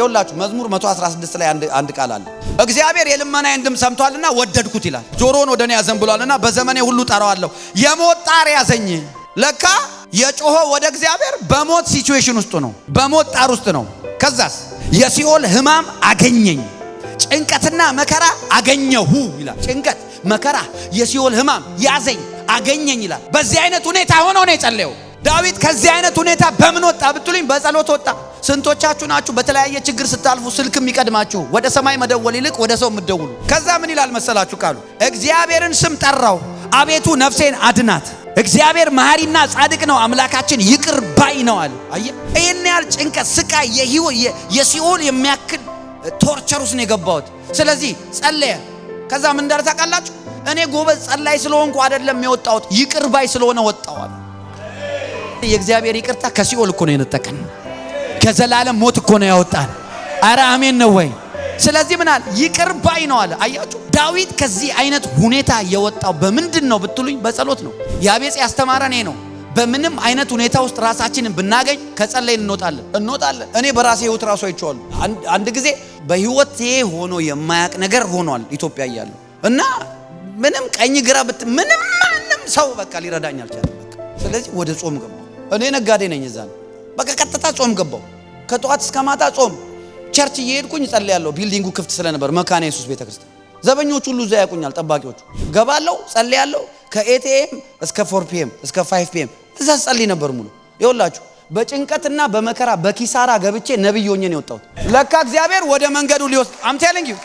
ይኸውላችሁ መዝሙር 116 ላይ አንድ ቃል አለ። እግዚአብሔር የልመናዬን ድምፅ ሰምቷልና ወደድኩት ይላል። ጆሮን ወደ እኔ ያዘንብሏልና በዘመኔ ሁሉ ጠራዋለሁ። የሞት ጣር ያዘኝ። ለካ የጮሆ ወደ እግዚአብሔር በሞት ሲቹዌሽን ውስጥ ነው፣ በሞት ጣር ውስጥ ነው። ከዛስ የሲኦል ህማም አገኘኝ፣ ጭንቀትና መከራ አገኘሁ ይላል። ጭንቀት መከራ፣ የሲኦል ህማም ያዘኝ አገኘኝ ይላል። በዚህ አይነት ሁኔታ ሆኖ ነው የጸለየው። ዳዊት ከዚህ አይነት ሁኔታ በምን ወጣ ብትሉኝ፣ በጸሎት ወጣ። ስንቶቻችሁ ናችሁ በተለያየ ችግር ስታልፉ ስልክም ይቀድማችሁ ወደ ሰማይ መደወል ይልቅ ወደ ሰው የምደውሉ? ከዛ ምን ይላል መሰላችሁ ቃሉ? እግዚአብሔርን ስም ጠራው፣ አቤቱ ነፍሴን አድናት። እግዚአብሔር መሐሪና ጻድቅ ነው፣ አምላካችን ይቅር ባይ ነው አለ። አየህ፣ ይህን ያህል ጭንቀት፣ ስቃይ፣ የሲኦል የሚያክል ቶርቸር ውስጥ ነው የገባሁት። ስለዚህ ጸለየ። ከዛ ምን እንዳለ ታውቃላችሁ? እኔ ጎበዝ ጸላይ ስለሆንኩ አይደለም የወጣሁት፣ ይቅር ባይ ስለሆነ ወጣዋል። የእግዚአብሔር ይቅርታ ከሲኦል እኮ ነው የነጠቀን፣ ከዘላለም ሞት እኮ ነው ያወጣን። አረ አሜን ነው ወይ? ስለዚህ ምናል ይቅር ባይ ነው አለ። አያችሁ ዳዊት ከዚህ አይነት ሁኔታ የወጣው በምንድን ነው ብትሉኝ፣ በጸሎት ነው። ያቤጽ ያስተማረን ይሄ ነው። በምንም አይነት ሁኔታ ውስጥ ራሳችንን ብናገኝ ከጸለይን እንወጣለን እንወጣለን። እኔ በራሴ ህይወት ራሱ አይቼዋለሁ። አንድ ጊዜ በህይወት ሆኖ የማያቅ ነገር ሆኗል ኢትዮጵያ እያለሁ እና ምንም ቀኝ ግራ ብት ምንም ማንም ሰው በቃ ሊረዳኝ አልቻለም። በቃ ስለዚህ ወደ ጾም ገባ። እኔ ነጋዴ ነኝ። እዛ በቃ ቀጥታ ጾም ገባው። ከጠዋት እስከ ማታ ጾም፣ ቸርች እየሄድኩኝ ጸልያለሁ። ቢልዲንጉ ክፍት ስለነበር መካነ ኢየሱስ ቤተክርስቲያን ዘበኞች ሁሉ እዛ ያውቁኛል። ጠባቂዎቹ ገባለሁ፣ ጸልያለሁ። ከኤቲኤም እስከ 4 ፒኤም እስከ 5 ፒኤም እዛ ጸልይ ነበር ሙሉ ይወላችሁ። በጭንቀትና በመከራ በኪሳራ ገብቼ ነብይ ሆኜ ነው የወጣሁት። ለካ እግዚአብሔር ወደ መንገዱ ሊወስድ ዩ